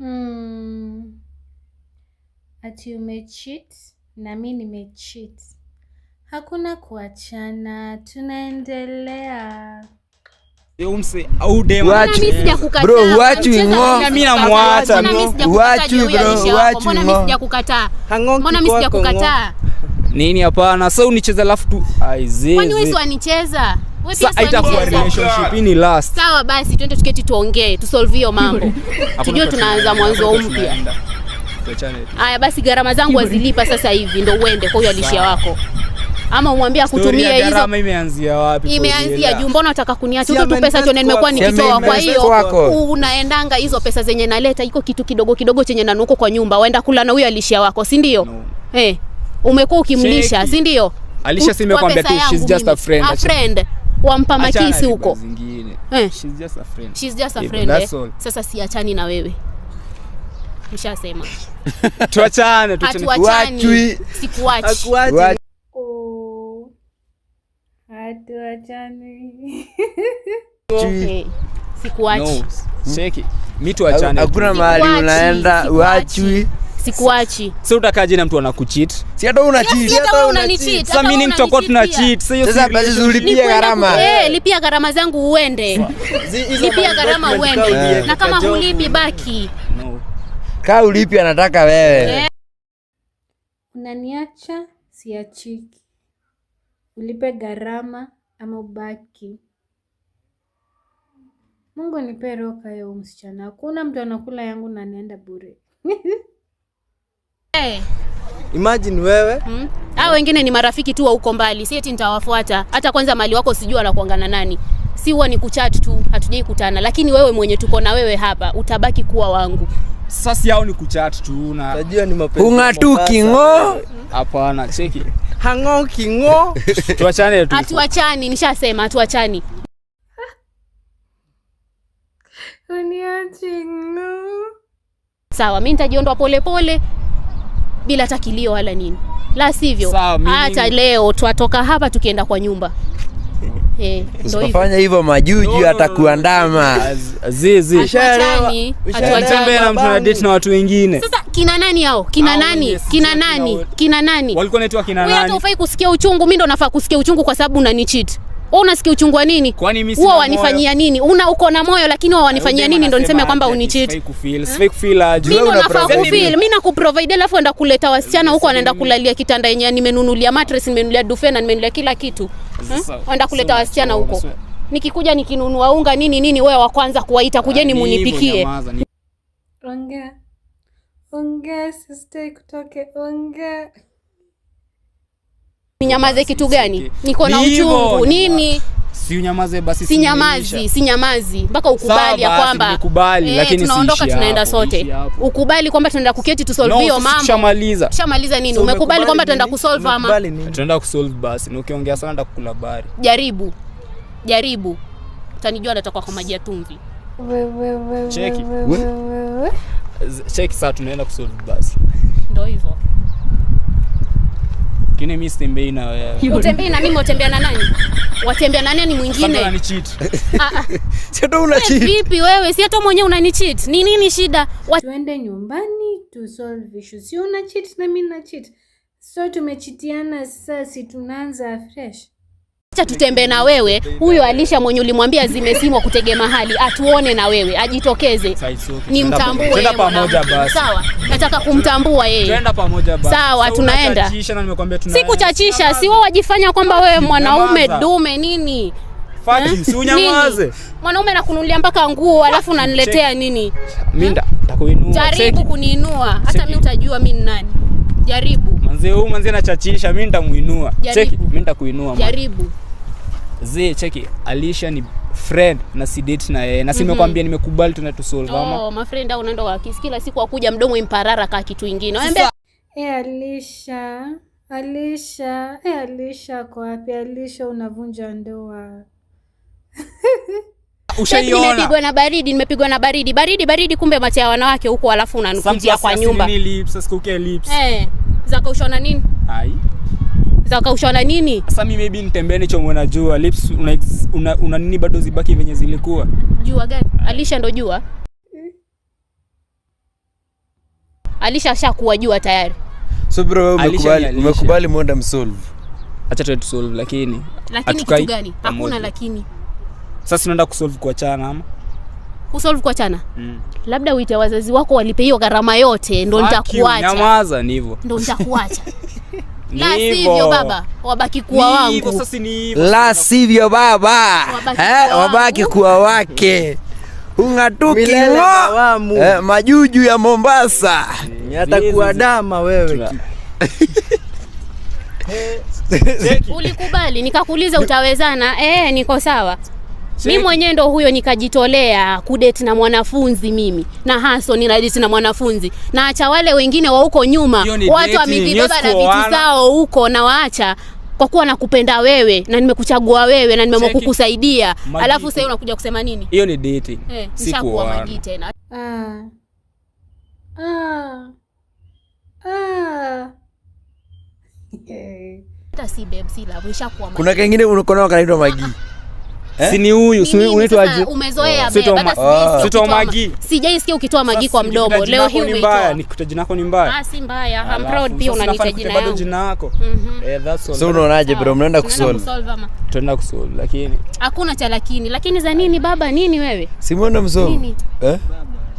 Hmm. Ati umecheat na mi nimecheat. Hakuna kuachana, tunaendelea. Umse au dem. Bro, wachu bro. Wachu bro, wachu Nini hapana? so unicheza alafu tu. Aizee. Kwani wewe wanicheza? Sawa basi, tuende tuketi tuongee, tusolve hiyo mambo tujue tunaanza mwanzo mpya. Haya basi, gharama zangu wazilipa sasa hivi ndo uende kwa huyo alishia wako ama umwambia akutumie hizo. Imeanzia wapi? Imeanzia juu. Mbona unataka kuniacha? Hizo tu pesa tena nimekuwa nikitoa. Kwa hiyo unaendanga hizo pesa zenye naleta, iko kitu kidogo kidogo chenye nanuko kwa nyumba, waenda kula na huyo alishia wako, si ndio? No. Eh, umekuwa ukimlisha, si ndio? Alisha, si tu, she's just a friend. A friend wampa makisi huko eh. eh. Sasa siachani na wewe nishasema tuachane, tuachane, sikuachi oh. Okay. Sikuachi. No. Mimi tuachane. Hakuna mahali unaenda uachwi sikuachi. Si utakaje na mtu anakuchit Si hata una cheat. Si hata wewe una cheat. Sasa mimi nitakuwa tuna cheat. Sasa basi ulipia gharama. Eh, lipia gharama zangu uende. Lipia gharama uende. Na kama hulipi baki. Kaa ulipi anataka wewe. Eh. Unaniacha siachiki. Ulipe gharama ama ubaki. Mungu nipe roho ya msichana. Hakuna mtu anakula yangu na nienda bure. Hey. Eh. Imagine wewe hmm? wengine ni marafiki tu wa huko mbali, si eti nitawafuata. Hata kwanza mali wako sijui wanakuangana nani, si huwa ni kuchat tu, hatujai kutana. Lakini wewe mwenye tuko na wewe hapa utabaki kuwa wangu. Sasa hao ni kuchat tu na unajua ni mapenzi. Ungatuki ngo? Hapana, cheki. Hango kingo. Tuachane tu. Hatuachani, nishasema hatuachani. Uniachi ngo. Sawa, mimi nitajiondoa polepole bila hata kilio wala nini, la sivyo hata leo twatoka hapa tukienda kwa nyumba. Mm. Eh, usipofanya hivyo majuju atakuandama. Zizi. Hatuachani na mtu na date na watu wengine. Sasa kina nani hao? Kina nani? Kina nani? Kina nani? Walikuwa wanaitwa kina nani? Wewe hata ufai kusikia uchungu, mimi ndo nafaa kusikia uchungu kwa sababu unanicheat wewe unasikia uchungu wa nini? Huwa wanifanyia nini? Una uko na moyo lakini wao wanifanyia nini ndio niseme kwamba unicheat. Mimi nakuprovide alafu enda kuleta wasichana huko anaenda kulalia kitanda yenye nimenunulia mattress, nimenunulia duvet na nimenunulia kila kitu. Wanaenda kuleta wasichana huko. Nikikuja nikinunua unga nini nini, wewe wa kwanza kuwaita kujeni ah, munipikie. Ongea. Ongea, sister, kutoke ongea. Ninyamaze kitu gani? Niko na uchungu nini? Si unyamaze basi, si nyamazi, si nyamazi mpaka ukubali ya kwamba ukubali, eh, lakini tunaondoka tunaenda sote. Ukubali kwamba tunaenda kuketi tu solve hiyo mambo. Tushamaliza. Tushamaliza nini? Umekubali kwamba tunaenda kusolve ama? Tunaenda kusolve basi. Na ukiongea sana nitakukula bari. Jaribu. Jaribu. Utanijua natakuwa kwa maji ya tumvi. Cheki. Cheki sasa tunaenda kusolve basi. Ndio hivyo. Lakini mimi sitembei na wewe. Utembei na mimi, utembea na nani? Watembea na nani mwingine? Sasa ni cheat. Ah ah. una cheat. Vipi wewe? Si hata mwenyewe unani cheat. Ni nini shida? Tuende nyumbani to solve issues. Si una cheat na mimi na cheat. So tumechitiana sasa, si tunaanza fresh. Acha tutembe na wewe. Huyo Alisha mwenye ulimwambia zimesimwa kutege mahali, atuone na wewe, ajitokeze ni mtambue. Twenda pamoja basi. Sawa, nataka kumtambua yeye. Twenda pamoja basi. Sawa, tunaenda. Siku chachisha, si wao wajifanya kwamba wewe mwanaume dume nini? Fadi, eh? si unyamaze. Mwanaume nakununulia mpaka nguo alafu unaniletea nini? Minda, nitakuinua. Jaribu kuniinua, hata mimi utajua mimi ni nani. Jaribu. Manzee huyu manzee anachachisha, mimi nitamuinua. Cheki, mimi nitakuinua. Jaribu zi cheki Alisha ni friend na sidate na yeye na simekwambia, mhm. nimekubali tunaenda tu solve ama oh, au unaenda wakisi kila siku akuja mdomo imparara kaa kitu ingine wembe eh, Alisha Alisha eh, Alisha kwa wapi? Alisha unavunja ndoa Ushaiona? Nimepigwa na baridi, nimepigwa na baridi, baridi, baridi, kumbe mate ya wanawake huko, alafu unanukujia kwa nyumba. Sasa siku lips. Eh, zako nini? Ai. Utakaushana nini? Sasa mimi maybe nitembee nichome jua lips una, una, una nini bado zibaki venye zilikuwa. Jua gani? Alisha ndo jua. Alisha ashakuwa jua tayari. So bro wewe umekubali umekubali mwenda msolve. Acha tu solve lakini. Lakini kitu gani? Hakuna lakini. Sasa tunaenda kusolve kwa chana ama? Kusolve kwa chana? Mm. Labda uite wazazi wako walipe hiyo gharama yote ndo nitakuacha. Nyamaza ni hivyo. Ndo nitakuacha. La sivyo baba, wabaki kuwa wangu. La sivyo baba, eh, wabaki kuwa wake. Ungatuki ngo eh, majuju ya Mombasa. Atakuwa dama wewe. Ulikubali nikakuuliza utawezana? Eh, niko sawa mi mwenyewe ndo huyo nikajitolea kudeti na mwanafunzi mimi na haso ninadeti na mwanafunzi na acha wale wengine wa huko nyuma watu wamejibeba na vitu zao huko na waacha kwa kuwa nakupenda wewe na nimekuchagua wewe na nimeamua kukusaidia alafu sasa unakuja kusema nini hiyo ni date eh, nishakuwa maji tena ah. Ah. Ah. si babe si love kuna kengine unakonawa kanaitwa magi Eh? Si ni huyu, si unaitwa aje? Umezoea ah. baba. Sito magi. Sijaisikia ukitoa magi kwa mdomo. Leo hii Ni mbaya, nikuta jina lako ni mbaya. Ah, si mbaya. I'm proud pia unaniita jina yangu. Bado jina lako. Mhm. Eh, that's all. So unaonaje bro, mnaenda kusolve. Tunaenda kusolve lakini hakuna cha lakini. Lakini za nini baba? Nini wewe? Simuone muone Nini? Eh?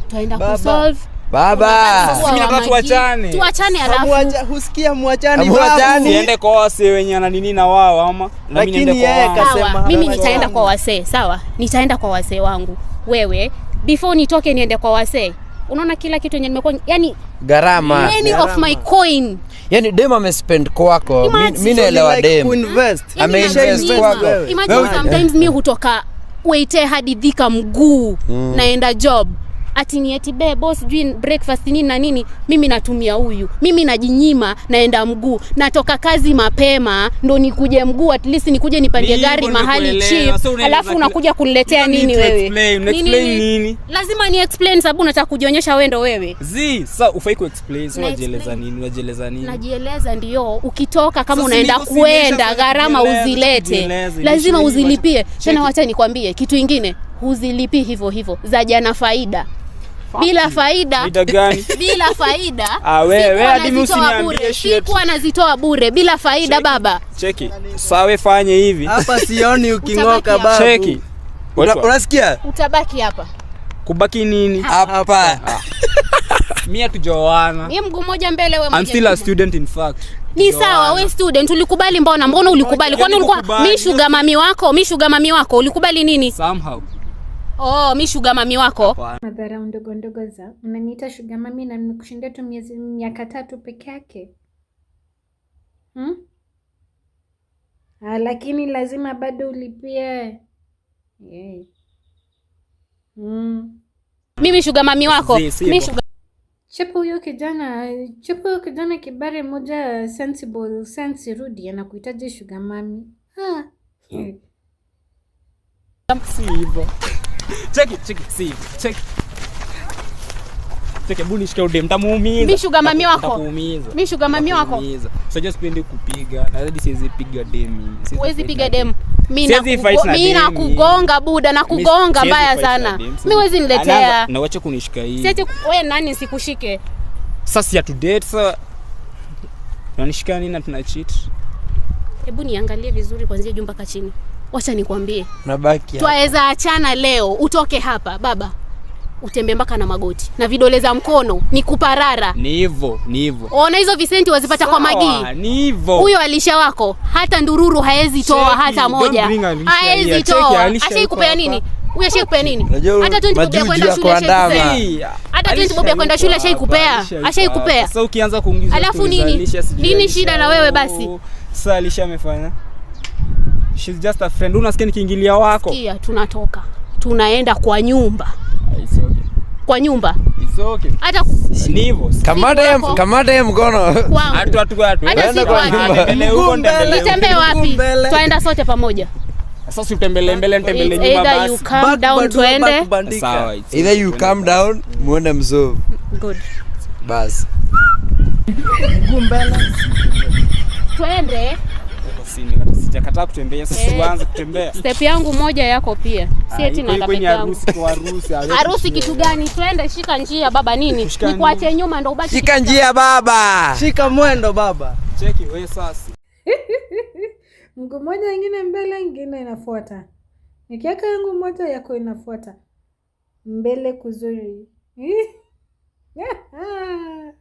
Tunaenda kusolve. Baba, mimi nataka tuachane. Tuachane alafu. Husikia muachane baba. Muachane. Niende kwa wasee wenye ana nini na wao ama na mimi niende kwa wao. Kasema mimi nitaenda kwa wasee, sawa? Nitaenda kwa wasee wangu. Wewe before nitoke niende kwa wasee. Unaona kila kitu yenye nimekuwa yani gharama. Any of my coin. Yaani dem spend kwako. Mimi naelewa dem. Invest. Ame invest kwako. Imagine sometimes mimi hutoka waitee hadi dhika mguu mm. naenda job ati ni eti boss sijui breakfast nini na nini, mimi natumia huyu, mimi najinyima, naenda mguu, natoka kazi mapema ndo nikuje mguu, at least nikuje nipandie gari mahali cheap, alafu unakuja kuniletea nini wewe? Nini, nini? Lazima ni explain sababu nataka kujionyesha wewe ndo wewe. Zi, sasa ufai ku explain, unajieleza nini? Unajieleza nini? Najieleza ndio. Ukitoka kama so, unaenda kuenda gharama uzilete, lazima uzilipie. Tena wacha nikwambie kitu ingine, huzilipi hivyo hivyo za jana faida bila faida bila faida ah wewe sikuwa anazitoa bure bila faida Cheki. Baba Cheki. Sawe fanye hivi hapa sioni uking'oka baba Cheki. Unasikia? Utabaki hapa. Kubaki nini? Hapa. ha. Ah. Mimi hatujaoana. Mimi mguu mmoja mbele wewe mmoja. I'm still a student in fact. Ni sawa we student ulikubali mbona mbona ulikubali? Kwani ulikuwa yaani mi sugar mami wako, mi sugar mami wako ulikubali nini? Somehow. Oh, mi sugar mami wako. Madharau ndogo ndogo za unaniita sugar mami na nimekushinda tu miezi miaka tatu peke yake hmm? Ah, lakini lazima bado ulipie yeah. Hmm. Mimi sugar mami wako. Mimi sugar Chepo huyo kijana, chepo huyo kijana kibare moja sensible sense rudi anakuhitaji sugar mami. Ah. Si hivyo. Cheki, cheki, see, cheki. Cheki, hebu nishike udem, nitamuumiza. Mimi shuga mami wako. Nitakuumiza. Mimi shuga mami wako. Sasa sipendi kupiga. Na hadi siwezi piga dem. Siwezi piga dem. Mimi nakugonga buda, nakugonga mbaya sana. Mimi huwezi niletea. Na wacha kunishika hii. Siache wewe nani sikushike. Sasa si atu date sasa. Tunanishika nini na tuna cheat? Hebu niangalie vizuri kuanzia juu mpaka chini wacha nikwambie, nabaki twaweza achana leo, utoke hapa baba, utembe mpaka na magoti na vidole za mkono ni kuparara. Ni hivyo ni hivyo, ona hizo visenti wazipata kwa Magii. Ni hivyo huyo alisha wako, hata ndururu haezi toa hata moja, haezi toa. Ashaikupea nini? Huyo kupea nini? Hata tu ndio kwenda shule kupea. Hata tu ndio kwenda shule ashaikupea, ashaikupea. Sasa ukianza kuingiza, alafu nini nini shida na wewe basi? Sasa alisha alishamefanya she's just a friend. Unasikia nikiingilia wako? Sikia, tunatoka tunaenda kwa nyumba. It's okay. Kwa nyumba It's okay. Hata ni hivyo. Kamata kamata mkono. Hatu hatu hatu. Hata kwa nyumba. Nitembee wapi? Twaenda sote pamoja. Sasa utembelee mbele ntembele nyuma basi. Either you come down tuende. Sawa. Either you come down muende mzo. Good. Bas. Basi. Mguu mbele. ni sijakataa kutembea, sasa tuanze eh, kutembea. Step yangu moja yako pia, ah, si eti na kwenye harusi kwa harusi. Harusi kitu gani? Twende, shika njia baba, nini nikuache nyuma ndo ubaki. Shika njia baba, shika mwendo baba. Cheki wewe sasa, mguu mmoja ingine mbele, ingine inafuata. Nikiweka yangu moja yako inafuata mbele, kuzuri